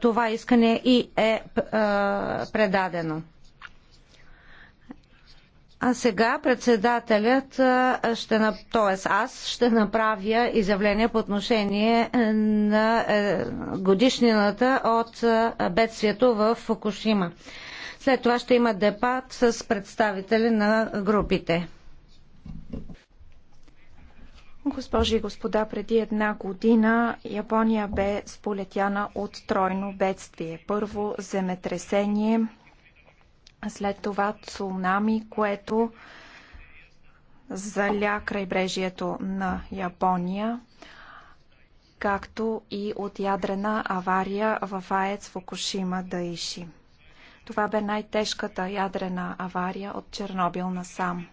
това искане и е предадено. А сега председателят, ще, т.е. аз ще направя изявление по отношение е, на е, годишнината от бедствието в Фукушима. След това ще има депат с представители на групите. Госпожи и господа, преди една година Япония бе сполетяна от тройно бедствие. Първо земетресение, след това цунами, което заля крайбрежието на Япония, както и от ядрена авария в АЕЦ Фукушима Даиши. Това бе най-тежката ядрена авария от Чернобил насам.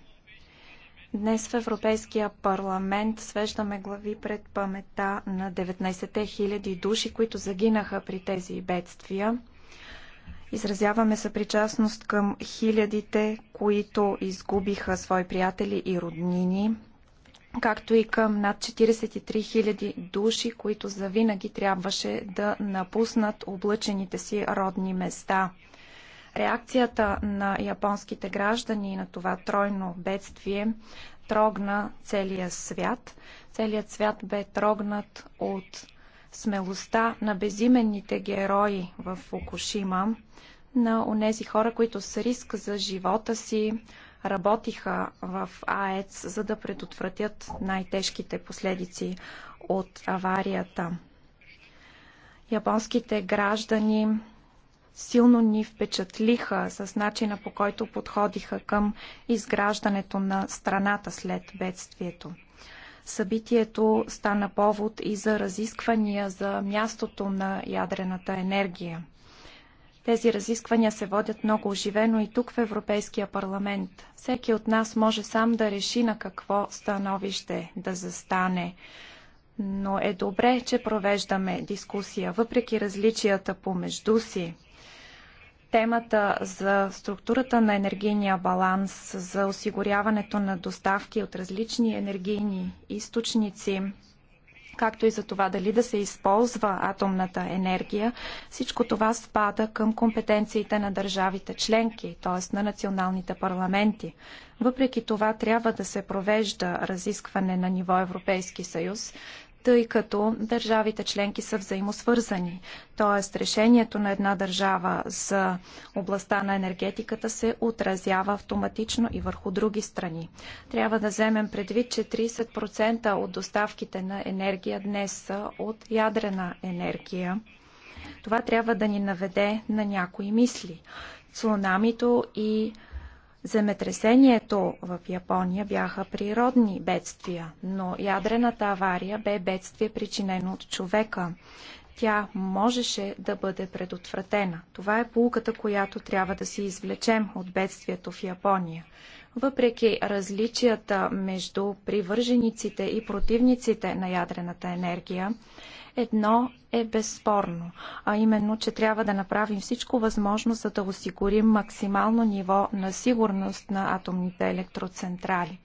Днес в Европейския парламент свеждаме глави пред памета на 19-те хиляди души, които загинаха при тези бедствия. Изразяваме съпричастност към хилядите, които изгубиха свои приятели и роднини, както и към над 43 000 души, които завинаги трябваше да напуснат облъчените си родни места. Реакцията на японските граждани на това тройно бедствие трогна целия свят. Целият свят бе трогнат от смелостта на безименните герои в Фукушима, на онези хора, които с риск за живота си работиха в АЕЦ, за да предотвратят най-тежките последици от аварията. Японските граждани силно ни впечатлиха с начина по който подходиха към изграждането на страната след бедствието. Събитието стана повод и за разисквания за мястото на ядрената енергия. Тези разисквания се водят много оживено и тук в Европейския парламент. Всеки от нас може сам да реши на какво становище да застане. Но е добре, че провеждаме дискусия, въпреки различията помежду си темата за структурата на енергийния баланс, за осигуряването на доставки от различни енергийни източници, както и за това дали да се използва атомната енергия, всичко това спада към компетенциите на държавите членки, т.е. на националните парламенти. Въпреки това трябва да се провежда разискване на ниво Европейски съюз, тъй като държавите членки са взаимосвързани. Тоест решението на една държава за областта на енергетиката се отразява автоматично и върху други страни. Трябва да вземем предвид, че 30% от доставките на енергия днес са от ядрена енергия. Това трябва да ни наведе на някои мисли. Цунамито и Земетресението в Япония бяха природни бедствия, но ядрената авария бе бедствие причинено от човека. Тя можеше да бъде предотвратена. Това е полуката, която трябва да си извлечем от бедствието в Япония. Въпреки различията между привържениците и противниците на ядрената енергия, Едно е безспорно, а именно, че трябва да направим всичко възможно, за да осигурим максимално ниво на сигурност на атомните електроцентрали.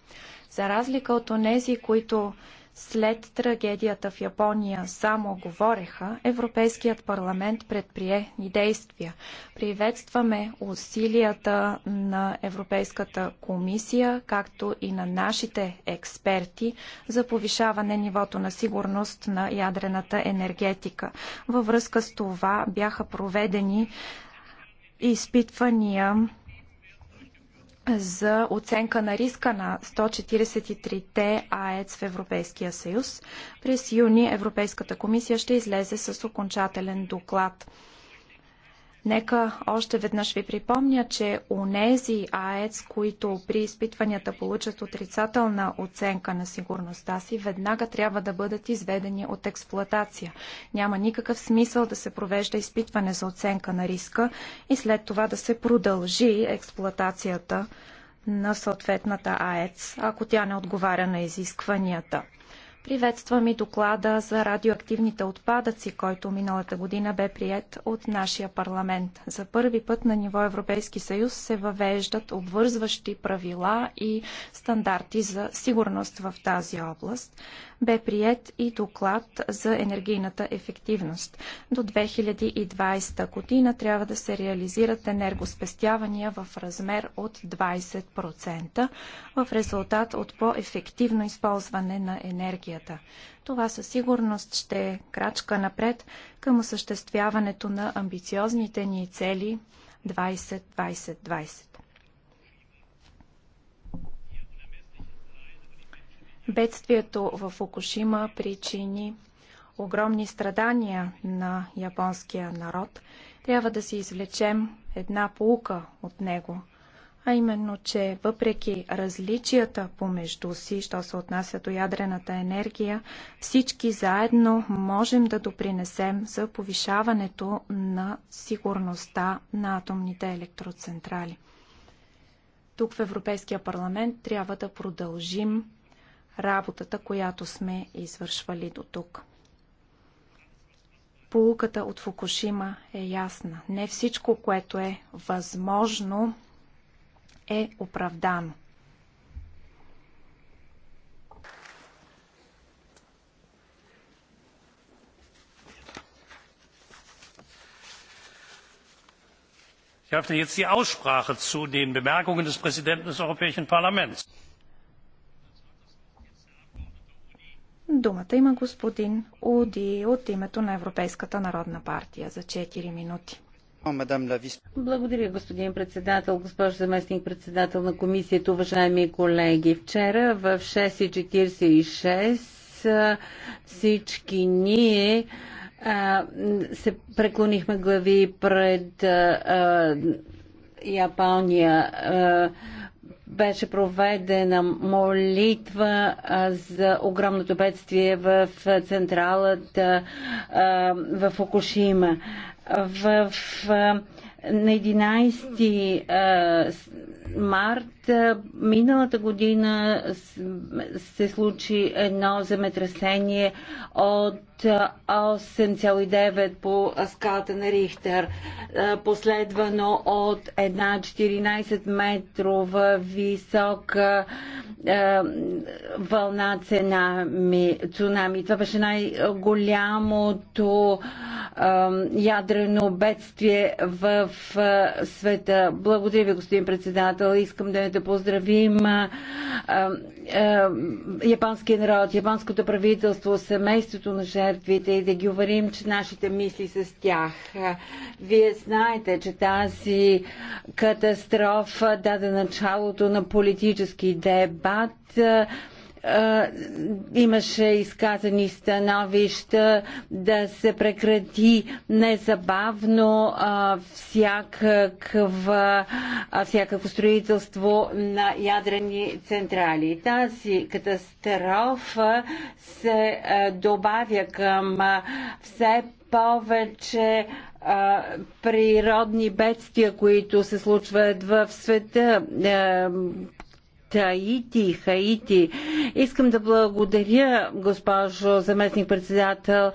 За разлика от онези, които след трагедията в Япония само говореха, Европейският парламент предприе и действия. Приветстваме усилията на Европейската комисия, както и на нашите експерти за повишаване нивото на сигурност на ядрената енергетика. Във връзка с това бяха проведени изпитвания за оценка на риска на 143-те АЕЦ в Европейския съюз. През юни Европейската комисия ще излезе с окончателен доклад. Нека още веднъж ви припомня, че нези АЕЦ, които при изпитванията получат отрицателна оценка на сигурността си, веднага трябва да бъдат изведени от експлоатация. Няма никакъв смисъл да се провежда изпитване за оценка на риска и след това да се продължи експлоатацията на съответната АЕЦ, ако тя не отговаря на изискванията. Приветствам и доклада за радио радиоактивните отпадъци, който миналата година бе прият от нашия парламент. За първи път на ниво Европейски съюз се въвеждат обвързващи правила и стандарти за сигурност в тази област бе прият и доклад за енергийната ефективност. До 2020 година трябва да се реализират енергоспестявания в размер от 20% в резултат от по-ефективно използване на енергията. Това със сигурност ще е крачка напред към осъществяването на амбициозните ни цели 20 2020 Бедствието в Фукушима причини огромни страдания на японския народ. Трябва да си извлечем една полука от него, а именно, че въпреки различията помежду си, що се отнася до ядрената енергия, всички заедно можем да допринесем за повишаването на сигурността на атомните електроцентрали. Тук в Европейския парламент трябва да продължим работата, която сме извършвали до тук. Полуката от Фукушима е ясна. Не всичко, което е възможно, е оправдано. ich öffne jetzt die aussprache zu den bemerkungen des präsidenten des europäischen parlaments. Думата има господин Уди от името на Европейската народна партия за 4 минути. Благодаря, господин председател, госпожо заместник председател на комисията, уважаеми колеги. Вчера в 6.46 всички ние а, се преклонихме глави пред а, Япония. А, беше проведена молитва за огромното бедствие в централата в Окушима. В на 11 март миналата година се случи едно земетресение от 8,9 по скалата на Рихтер, последвано от една 14 метрова висока вълна цунами. цунами. Това беше най-голямото ядрено бедствие в света. Благодаря ви, господин председател председател. Искам да да поздравим а, а, японския народ, японското правителство, семейството на жертвите и да ги уверим, че нашите мисли са с тях. Вие знаете, че тази катастрофа даде началото на политически дебат имаше изказани становища да се прекрати незабавно всякаква, всякакво строителство на ядрени централи. Тази катастрофа се добавя към все повече природни бедствия, които се случват в света. Е, Таити и Хаити. Искам да благодаря, госпожо заместник-председател,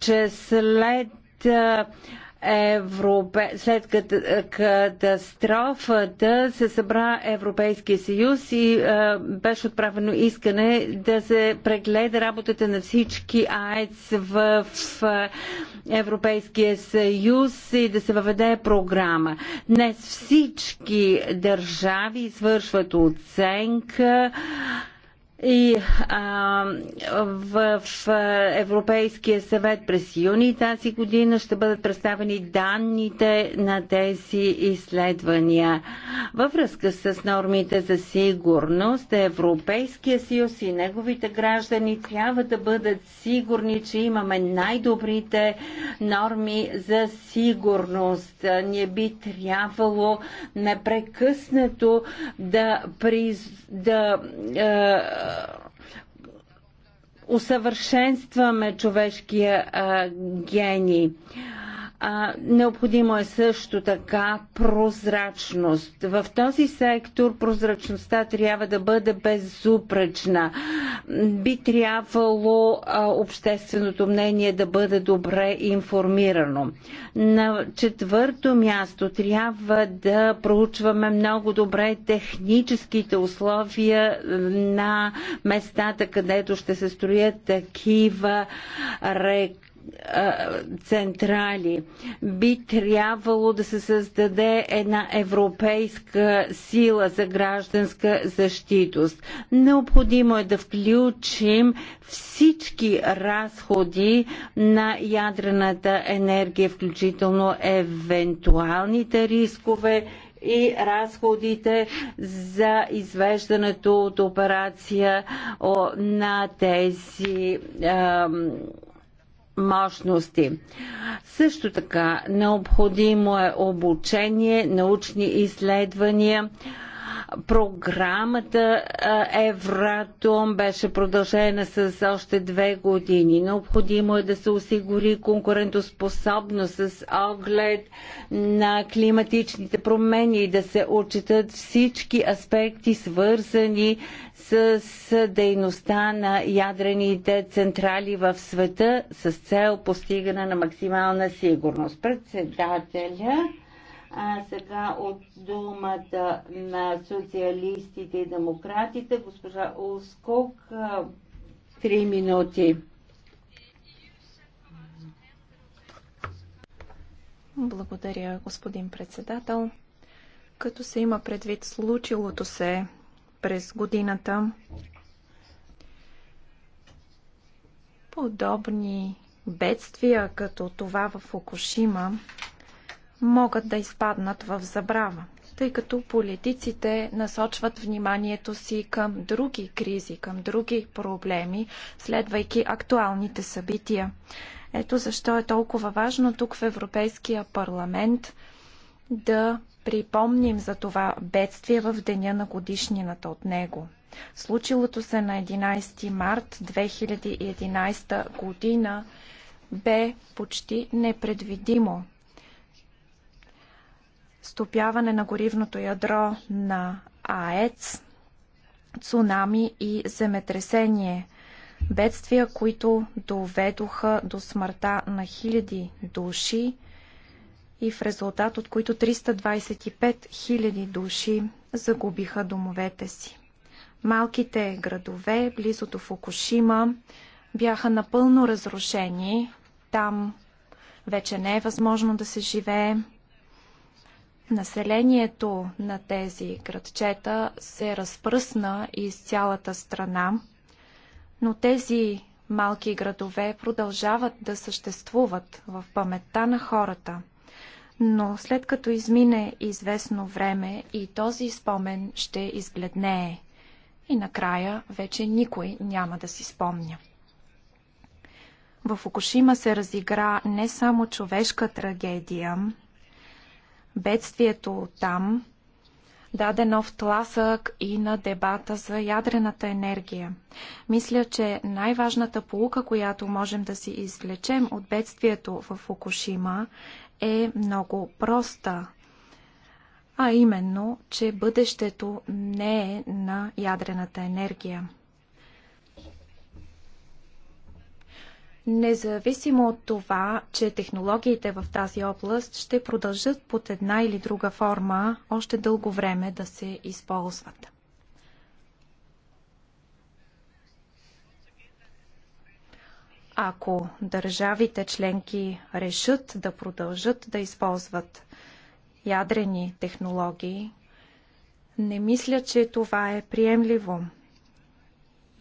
че след Европе... след катастрофата се събра Европейския съюз и е, беше отправено искане да се прегледа работата на всички АЕЦ в, в е, Европейския съюз и да се въведе програма. Днес всички държави извършват оценка и а, в, в Европейския съвет през юни тази година ще бъдат представени данните на тези изследвания. Във връзка с нормите за сигурност, Европейския съюз и неговите граждани трябва да бъдат сигурни, че имаме най-добрите норми за сигурност. Ние би трябвало непрекъснато да, приз... да е, усъвършенстваме човешкия а, гений. А, необходимо е също така прозрачност. В този сектор прозрачността трябва да бъде безупречна. Би трябвало а, общественото мнение да бъде добре информирано. На четвърто място трябва да проучваме много добре техническите условия на местата, където ще се строят такива реки централи. Би трябвало да се създаде една европейска сила за гражданска защитост. Необходимо е да включим всички разходи на ядрената енергия, включително евентуалните рискове и разходите за извеждането от операция на тези мощности. Също така, необходимо е обучение, научни изследвания, Програмата Евратом беше продължена с още две години. Необходимо е да се осигури конкурентоспособност с оглед на климатичните промени и да се отчитат всички аспекти, свързани с дейността на ядрените централи в света с цел постигане на максимална сигурност. Председателя а сега от думата на социалистите и демократите, госпожа Ускок, три минути. Благодаря, господин председател. Като се има предвид случилото се през годината, подобни бедствия, като това в Фукушима, могат да изпаднат в забрава, тъй като политиците насочват вниманието си към други кризи, към други проблеми, следвайки актуалните събития. Ето защо е толкова важно тук в Европейския парламент да припомним за това бедствие в деня на годишнината от него. Случилото се на 11 март 2011 година бе почти непредвидимо стопяване на горивното ядро на АЕЦ, цунами и земетресение. Бедствия, които доведоха до смъртта на хиляди души и в резултат от които 325 000 души загубиха домовете си. Малките градове, близо до Фукушима, бяха напълно разрушени. Там вече не е възможно да се живее. Населението на тези градчета се разпръсна из цялата страна, но тези малки градове продължават да съществуват в паметта на хората. Но след като измине известно време и този спомен ще избледнее и накрая вече никой няма да си спомня. В Фукушима се разигра не само човешка трагедия, Бедствието там даде нов тласък и на дебата за ядрената енергия. Мисля, че най-важната полука, която можем да си извлечем от бедствието в Фукушима е много проста. А именно, че бъдещето не е на ядрената енергия. Независимо от това, че технологиите в тази област ще продължат под една или друга форма още дълго време да се използват. Ако държавите членки решат да продължат да използват ядрени технологии, не мисля, че това е приемливо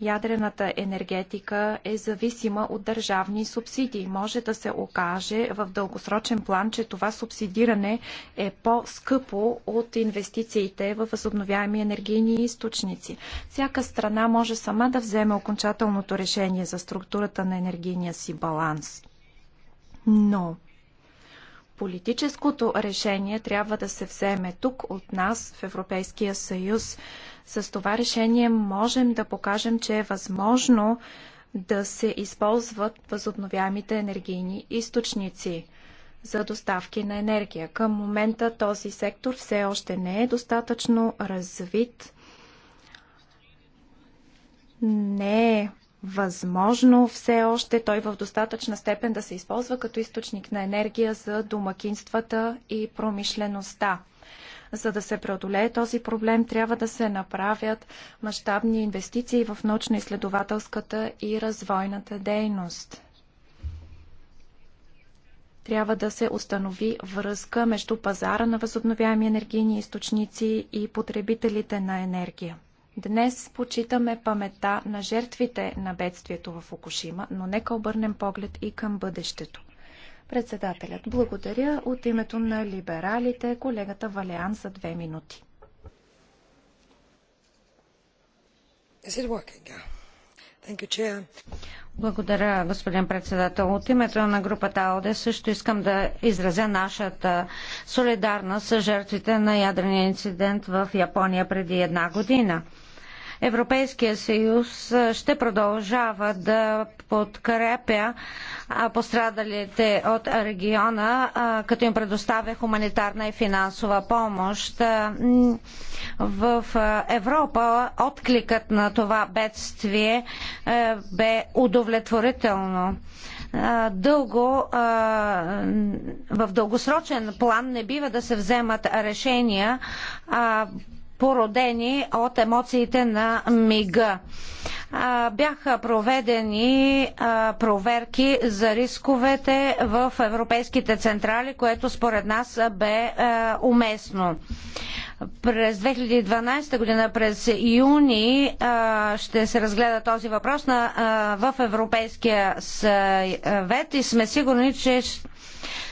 ядрената енергетика е зависима от държавни субсидии. Може да се окаже в дългосрочен план, че това субсидиране е по-скъпо от инвестициите в възобновяеми енергийни източници. Всяка страна може сама да вземе окончателното решение за структурата на енергийния си баланс. Но политическото решение трябва да се вземе тук от нас в Европейския съюз. С това решение можем да покажем, че е възможно да се използват възобновяемите енергийни източници за доставки на енергия. Към момента този сектор все още не е достатъчно развит. Не е възможно все още той в достатъчна степен да се използва като източник на енергия за домакинствата и промишлеността. За да се преодолее този проблем, трябва да се направят мащабни инвестиции в научно-изследователската и развойната дейност трябва да се установи връзка между пазара на възобновяеми енергийни източници и потребителите на енергия. Днес почитаме памета на жертвите на бедствието в Фукушима, но нека обърнем поглед и към бъдещето. Председателят, благодаря от името на либералите, колегата Валеан за две минути. You, Благодаря, господин председател. От името на групата АОДЕ също искам да изразя нашата солидарност с жертвите на ядрения инцидент в Япония преди една година. Европейския съюз ще продължава да подкрепя пострадалите от региона, като им предоставя хуманитарна и финансова помощ. В Европа откликът на това бедствие бе удовлетворително дълго, в дългосрочен план не бива да се вземат решения породени от емоциите на мига. Бяха проведени проверки за рисковете в европейските централи, което според нас бе уместно. През 2012 година, през юни, ще се разгледа този въпрос в Европейския съвет и сме сигурни, че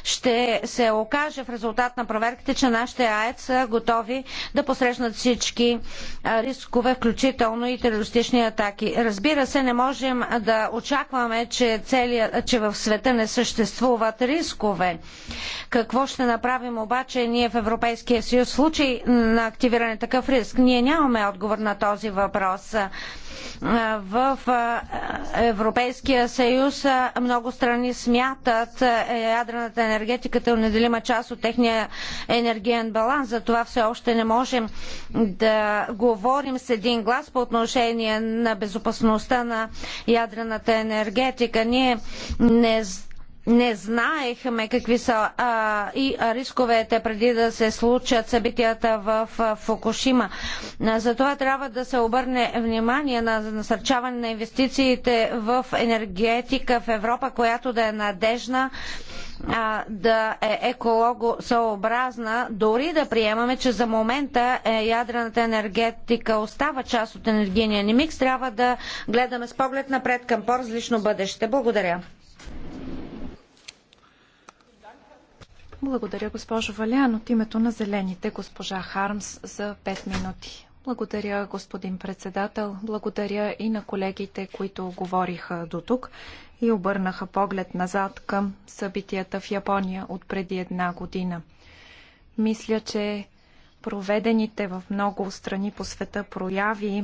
ще се окаже в резултат на проверките, че нашите АЕЦ са готови да посрещнат всички рискове, включително и терористични атаки. Разбира се, не можем да очакваме, че, че в света не съществуват рискове. Какво ще направим обаче ние в Европейския съюз в случай на активиране такъв риск? Ние нямаме отговор на този въпрос. В Европейския съюз много страни смятат ядрената енергетиката е неделима част от техния енергиен баланс. за това все още не можем да говорим с един глас по отношение на безопасността на ядрената енергетика. Ние не не знаехме какви са а, и рисковете преди да се случат събитията в Фукушима. Затова трябва да се обърне внимание на насърчаване на инвестициите в енергетика в Европа, която да е надежна а, да е екологосъобразна, дори да приемаме, че за момента е, ядрената енергетика остава част от енергийния ни микс, трябва да гледаме с поглед напред към по-различно бъдеще. Благодаря. Благодаря, госпожо Валян. От името на Зелените, госпожа Хармс, за 5 минути. Благодаря, господин председател. Благодаря и на колегите, които говориха до тук и обърнаха поглед назад към събитията в Япония от преди една година. Мисля, че проведените в много страни по света прояви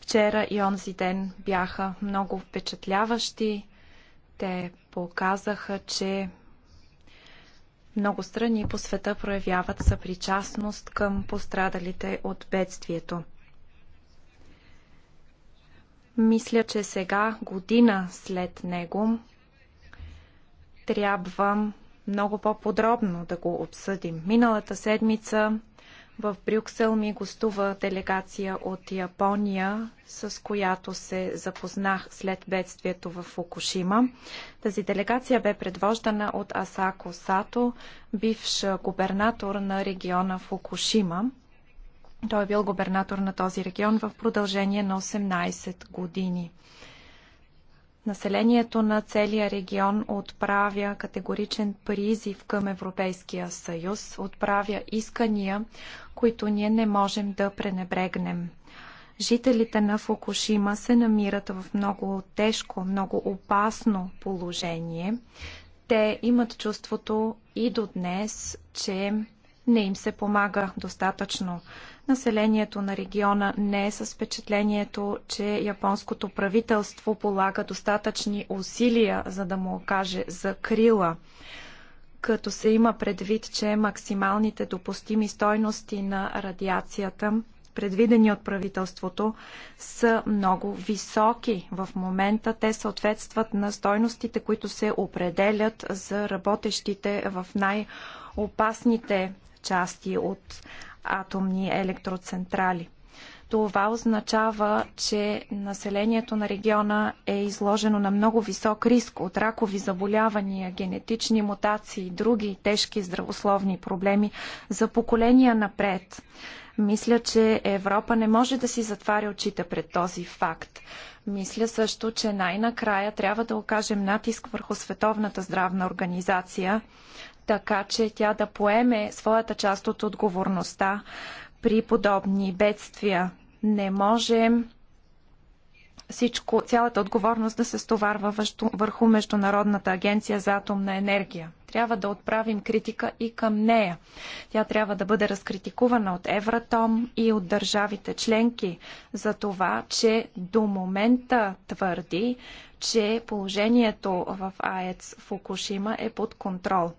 вчера и онзи ден бяха много впечатляващи. Те показаха, че много страни по света проявяват съпричастност към пострадалите от бедствието. Мисля, че сега, година след него, трябва много по-подробно да го обсъдим. Миналата седмица в Брюксел ми гостува делегация от Япония, с която се запознах след бедствието в Фукушима. Тази делегация бе предвождана от Асако Сато, бивш губернатор на региона Фукушима. Той е бил губернатор на този регион в продължение на 18 години. Населението на целия регион отправя категоричен призив към Европейския съюз, отправя искания, които ние не можем да пренебрегнем. Жителите на Фукушима се намират в много тежко, много опасно положение. Те имат чувството и до днес, че не им се помага достатъчно. Населението на региона не е с впечатлението, че японското правителство полага достатъчни усилия, за да му окаже закрила като се има предвид, че максималните допустими стойности на радиацията, предвидени от правителството, са много високи. В момента те съответстват на стойностите, които се определят за работещите в най- опасните части от атомни електроцентрали. Това означава, че населението на региона е изложено на много висок риск от ракови заболявания, генетични мутации и други тежки здравословни проблеми за поколения напред. Мисля, че Европа не може да си затваря очите пред този факт. Мисля също, че най-накрая трябва да окажем натиск върху Световната здравна организация така че тя да поеме своята част от отговорността при подобни бедствия. Не можем всичко, цялата отговорност да се стоварва върху Международната агенция за атомна енергия. Трябва да отправим критика и към нея. Тя трябва да бъде разкритикувана от Евратом и от държавите членки за това, че до момента твърди, че положението в АЕЦ Фукушима е под контрол.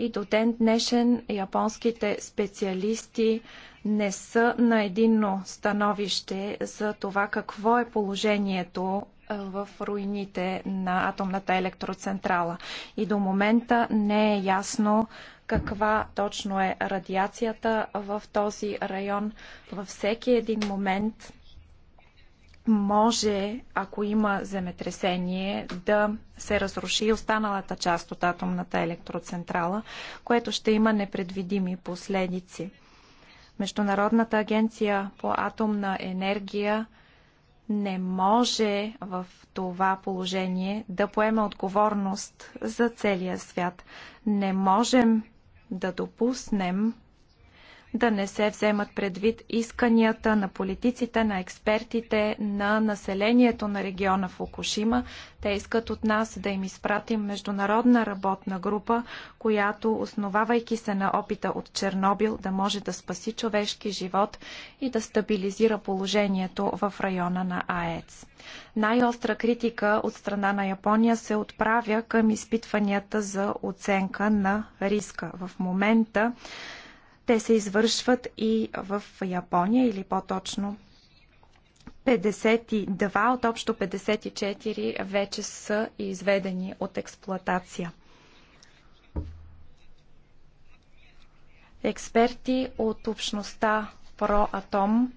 И до ден днешен японските специалисти не са на единно становище за това какво е положението в руините на атомната електроцентрала. И до момента не е ясно каква точно е радиацията в този район. Във всеки един момент може, ако има земетресение, да се разруши останалата част от атомната електроцентрала, което ще има непредвидими последици. Международната агенция по атомна енергия не може в това положение да поеме отговорност за целия свят. Не можем да допуснем да не се вземат предвид исканията на политиците, на експертите, на населението на региона Фукушима. Те искат от нас да им изпратим международна работна група, която, основавайки се на опита от Чернобил, да може да спаси човешки живот и да стабилизира положението в района на АЕЦ. Най-остра критика от страна на Япония се отправя към изпитванията за оценка на риска. В момента те се извършват и в Япония или по-точно 52 от общо 54 вече са изведени от експлоатация. Експерти от общността Проатом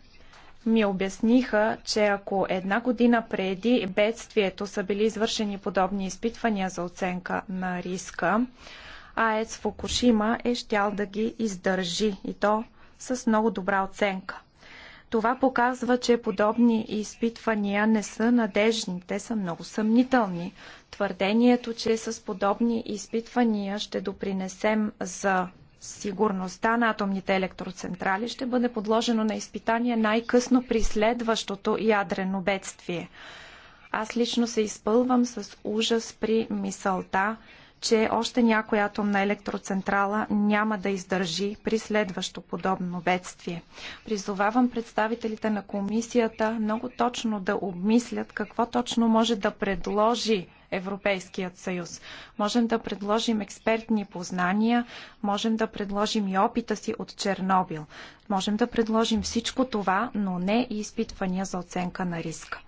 ми обясниха, че ако една година преди бедствието са били извършени подобни изпитвания за оценка на риска, АЕЦ Фукушима е щял да ги издържи и то с много добра оценка. Това показва, че подобни изпитвания не са надежни, те са много съмнителни. Твърдението, че с подобни изпитвания ще допринесем за сигурността на атомните електроцентрали ще бъде подложено на изпитание най-късно при следващото ядрено бедствие. Аз лично се изпълвам с ужас при мисълта, че още някоя атомна електроцентрала няма да издържи при следващо подобно бедствие. Призовавам представителите на комисията много точно да обмислят какво точно може да предложи Европейският съюз. Можем да предложим експертни познания, можем да предложим и опита си от Чернобил. Можем да предложим всичко това, но не и изпитвания за оценка на риска.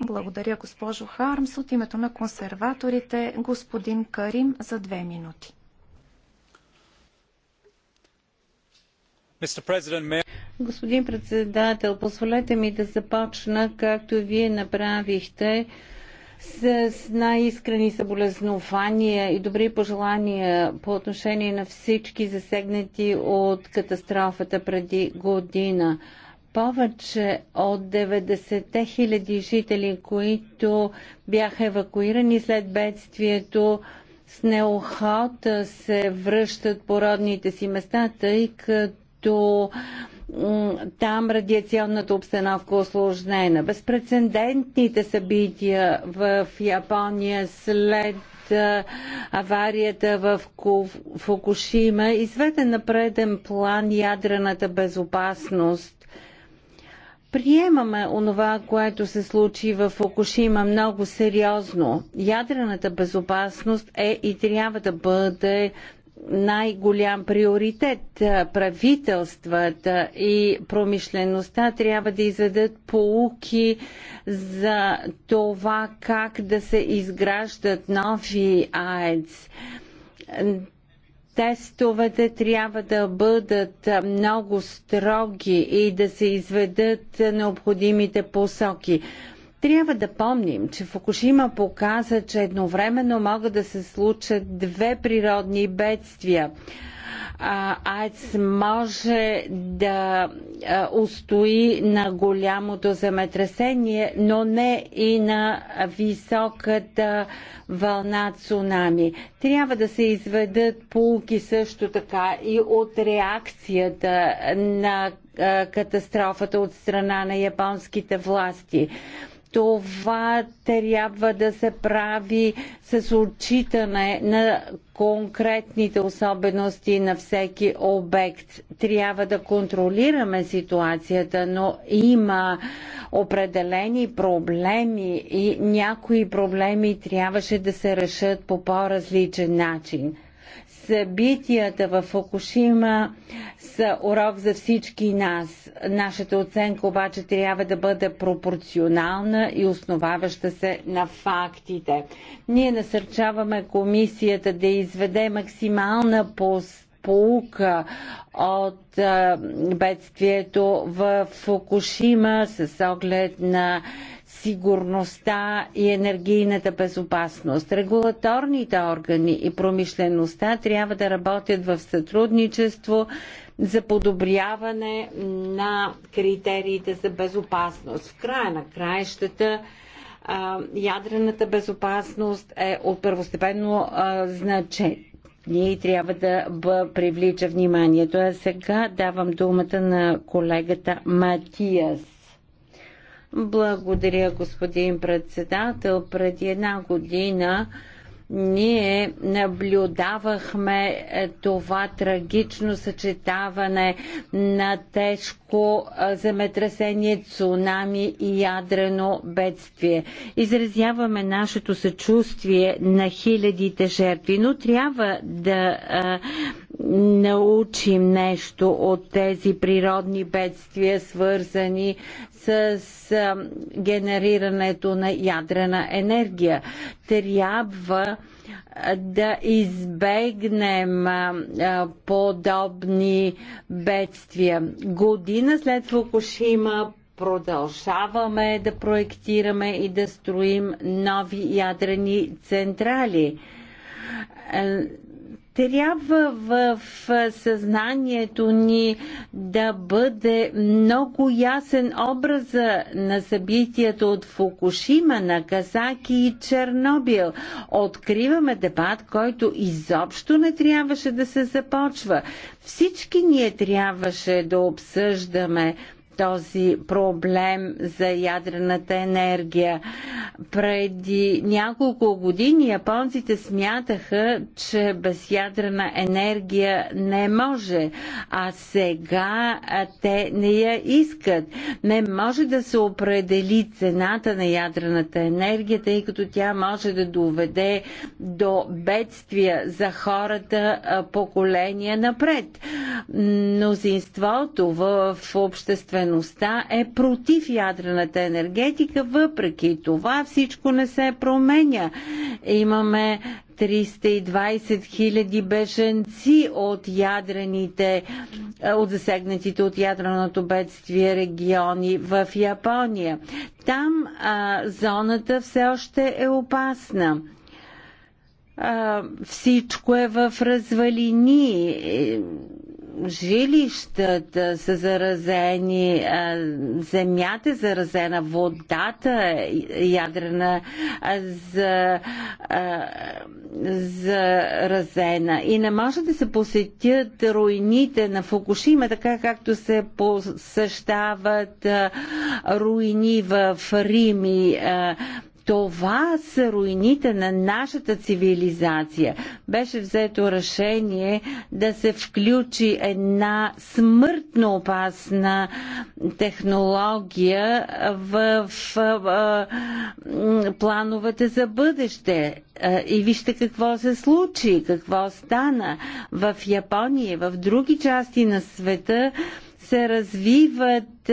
Благодаря, госпожо Хармс. От името на консерваторите, господин Карим за две минути. Господин председател, позволете ми да започна, както вие направихте, с най-искрени съболезнования и добри пожелания по отношение на всички засегнати от катастрофата преди година повече от 90 хиляди жители, които бяха евакуирани след бедствието, с неохота се връщат по родните си места, тъй като там радиационната обстановка е осложнена. Безпредседентните събития в Япония след аварията в Фукушима изведе на преден план ядрената безопасност Приемаме онова, което се случи в Фукушима много сериозно. Ядрената безопасност е и трябва да бъде най-голям приоритет. Правителствата и промишлеността трябва да изведат полуки за това как да се изграждат нови АЕЦ тестовете трябва да бъдат много строги и да се изведат необходимите посоки. Трябва да помним, че Фукушима показа, че едновременно могат да се случат две природни бедствия. АЕЦ може да устои на голямото земетресение, но не и на високата вълна цунами. Трябва да се изведат полки също така и от реакцията на катастрофата от страна на японските власти това трябва да се прави с отчитане на конкретните особености на всеки обект. Трябва да контролираме ситуацията, но има определени проблеми и някои проблеми трябваше да се решат по по-различен начин. Събитията в Фукушима са урок за всички нас. Нашата оценка обаче трябва да бъде пропорционална и основаваща се на фактите. Ние насърчаваме комисията да изведе максимална пост поука от бедствието в Фукушима с оглед на сигурността и енергийната безопасност. Регулаторните органи и промишлеността трябва да работят в сътрудничество за подобряване на критериите за безопасност. В края на краищата ядрената безопасност е от първостепенно значение и трябва да привлича вниманието. А сега давам думата на колегата Матиас. Благодаря, господин председател. Преди една година ние наблюдавахме е, това трагично съчетаване на тежко е, земетресение, цунами и ядрено бедствие. Изразяваме нашето съчувствие на хилядите жертви, но трябва да е, научим нещо от тези природни бедствия, свързани с генерирането на ядрена енергия. Трябва да избегнем подобни бедствия. Година след Фукушима продължаваме да проектираме и да строим нови ядрени централи е, трябва в съзнанието ни да бъде много ясен образа на събитията от Фукушима, Наказаки и Чернобил. Откриваме дебат, който изобщо не трябваше да се започва. Всички ние трябваше да обсъждаме този проблем за ядрената енергия. Преди няколко години японците смятаха, че без ядрена енергия не може, а сега те не я искат. Не може да се определи цената на ядрената енергия, тъй като тя може да доведе до бедствия за хората поколения напред. Мнозинството в обществеността е против ядрената енергетика, въпреки това всичко не се променя. Имаме 320 хиляди беженци от ядрените, от засегнатите от ядреното бедствие региони в Япония. Там а, зоната все още е опасна всичко е в развалини жилищата са заразени, земята е заразена, водата е ядрена за, заразена. И не може да се посетят руините на Фукушима, така както се посещават руини в Рими. Това са руините на нашата цивилизация. Беше взето решение да се включи една смъртно опасна технология в, плановете за бъдеще. И вижте какво се случи, какво стана в Япония, в други части на света се развиват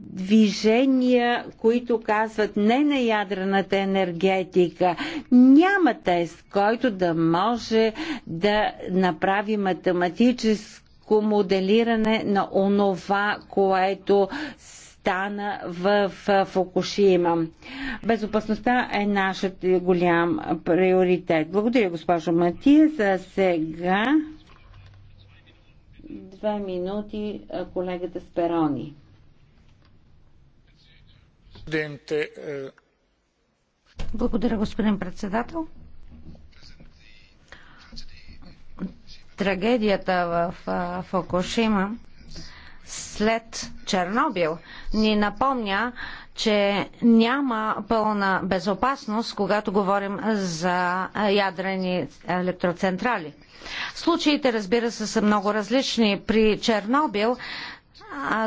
движения, които казват не на ядрената енергетика. Няма тест, който да може да направи математическо моделиране на онова, което стана в Фукушима. Безопасността е нашият голям приоритет. Благодаря, госпожо Матия. За сега две минути колегата Сперони. Е, Благодаря, господин председател. Трагедията в Фокушима след Чернобил ни напомня, че няма пълна безопасност, когато говорим за ядрени електроцентрали. Случаите, разбира се, са много различни. При Чернобил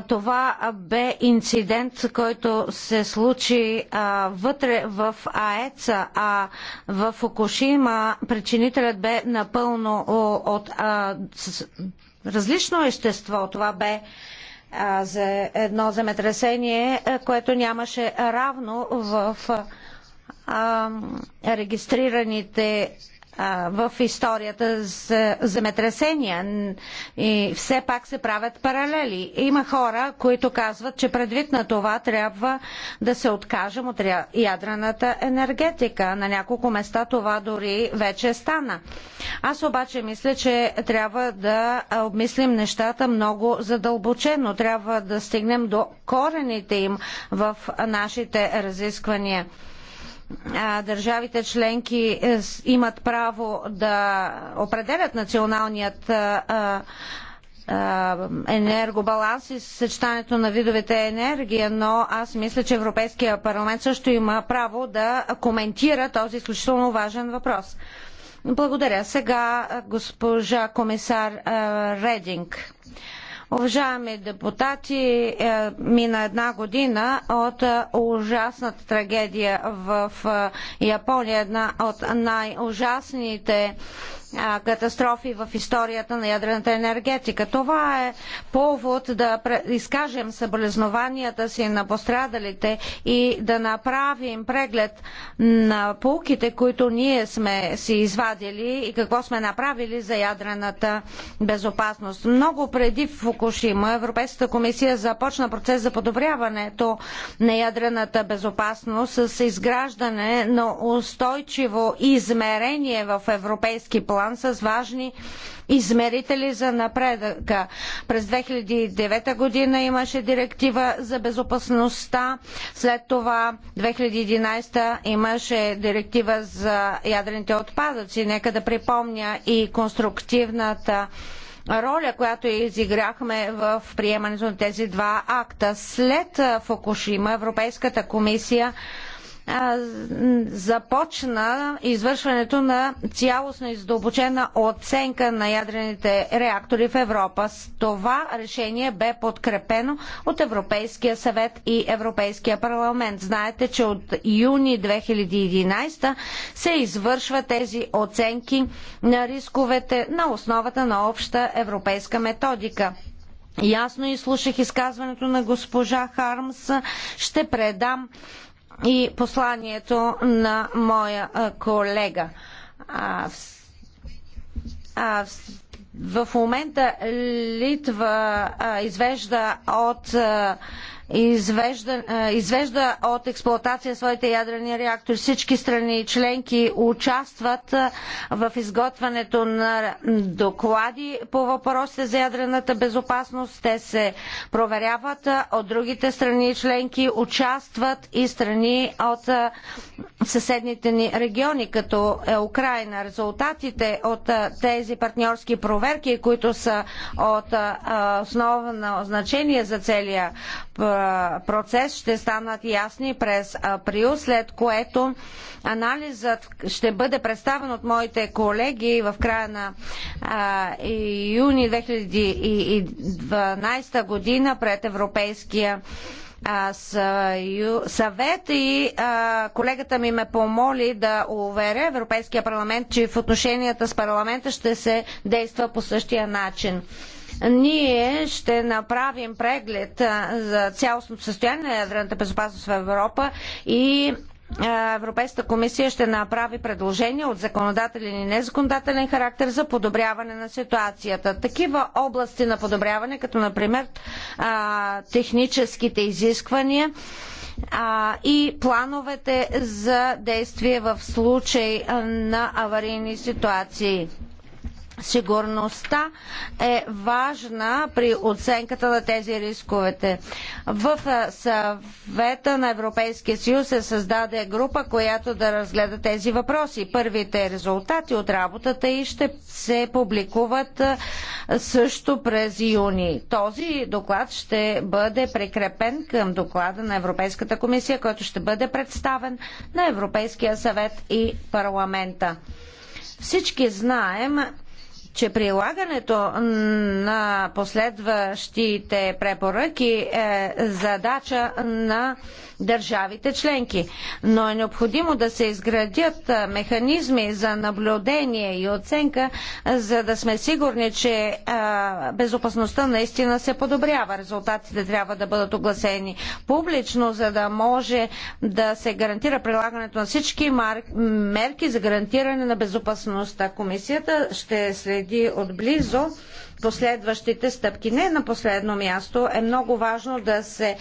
това бе инцидент, който се случи а, вътре в АЕЦа, а в Окушима причинителят бе напълно от а, с, различно ещество. Това бе за едно земетресение, което нямаше равно в регистрираните в историята за земетресения. И все пак се правят паралели. Има хора, които казват, че предвид на това трябва да се откажем от ядрената енергетика. На няколко места това дори вече стана. Аз обаче мисля, че трябва да обмислим нещата много задълбочено. Трябва да стигнем до корените им в нашите разисквания държавите членки е, имат право да определят националният е, е, енергобаланс и съчетанието на видовете енергия, но аз мисля, че Европейския парламент също има право да коментира този изключително важен въпрос. Благодаря. Сега госпожа комисар Рединг. Уважаеми депутати, е, мина една година от е, ужасната трагедия в е, Япония, една от най-ужасните катастрофи в историята на ядрената енергетика. Това е повод да изкажем съболезнованията си на пострадалите и да направим преглед на полките, които ние сме си извадили и какво сме направили за ядрената безопасност. Много преди Фукушима Европейската комисия започна процес за подобряването на ядрената безопасност с изграждане на устойчиво измерение в европейски план план с важни измерители за напредъка. През 2009 година имаше директива за безопасността, след това 2011 имаше директива за ядрените отпадъци. Нека да припомня и конструктивната роля, която изиграхме в приемането на тези два акта. След Фукушима Европейската комисия започна извършването на цялостна и задълбочена оценка на ядрените реактори в Европа. С това решение бе подкрепено от Европейския съвет и Европейския парламент. Знаете, че от юни 2011 се извършва тези оценки на рисковете на основата на обща европейска методика. Ясно изслушах изказването на госпожа Хармс. Ще предам и посланието на моя колега. А, а, в момента Литва а, извежда от а, извежда, извежда от експлоатация своите ядрени реактори. Всички страни и членки участват в изготвянето на доклади по въпросите за ядрената безопасност. Те се проверяват от другите страни и членки, участват и страни от съседните ни региони, като е Украина. Резултатите от тези партньорски проверки, които са от основно значение за целия процес ще станат ясни през април, след което анализът ще бъде представен от моите колеги в края на юни 2012 година пред Европейския съвет и а, колегата ми ме помоли да уверя Европейския парламент, че в отношенията с парламента ще се действа по същия начин. Ние ще направим преглед за цялостното състояние на ядрената безопасност в Европа и Европейската комисия ще направи предложения от законодателен и незаконодателен характер за подобряване на ситуацията. Такива области на подобряване, като например техническите изисквания, и плановете за действие в случай на аварийни ситуации. Сигурността е важна при оценката на тези рисковете. В съвета на Европейския съюз се създаде група, която да разгледа тези въпроси. Първите резултати от работата и ще се публикуват също през юни. Този доклад ще бъде прикрепен към доклада на Европейската комисия, който ще бъде представен на Европейския съвет и парламента. Всички знаем, че прилагането на последващите препоръки е задача на държавите членки. Но е необходимо да се изградят механизми за наблюдение и оценка, за да сме сигурни, че безопасността наистина се подобрява. Резултатите трябва да бъдат огласени публично, за да може да се гарантира прилагането на всички мерки за гарантиране на безопасността. Комисията ще следи отблизо последващите стъпки. Не на последно място е много важно да се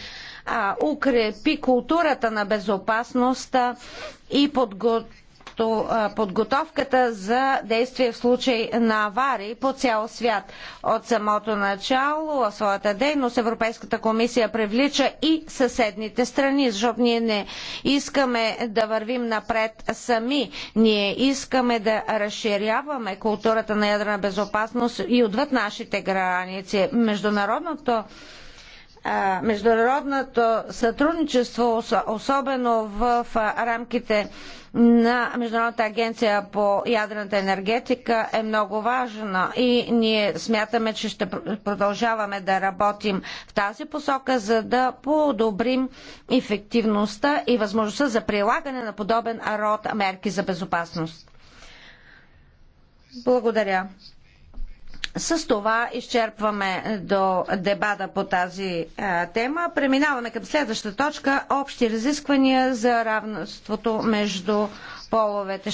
а, укрепи културата на безопасността и подготовката за действие в случай на аварии по цял свят. От самото начало в своята дейност Европейската комисия привлича и съседните страни, защото ние не искаме да вървим напред сами. Ние искаме да разширяваме културата на ядрена безопасност и отвъд нашите граници. Международното международното сътрудничество, особено в рамките на Международната агенция по ядрената енергетика е много важна и ние смятаме, че ще продължаваме да работим в тази посока, за да подобрим ефективността и възможността за прилагане на подобен род мерки за безопасност. Благодаря. С това изчерпваме до дебата по тази а, е, тема. Преминаваме към следващата точка. Общи разисквания за равенството между половете.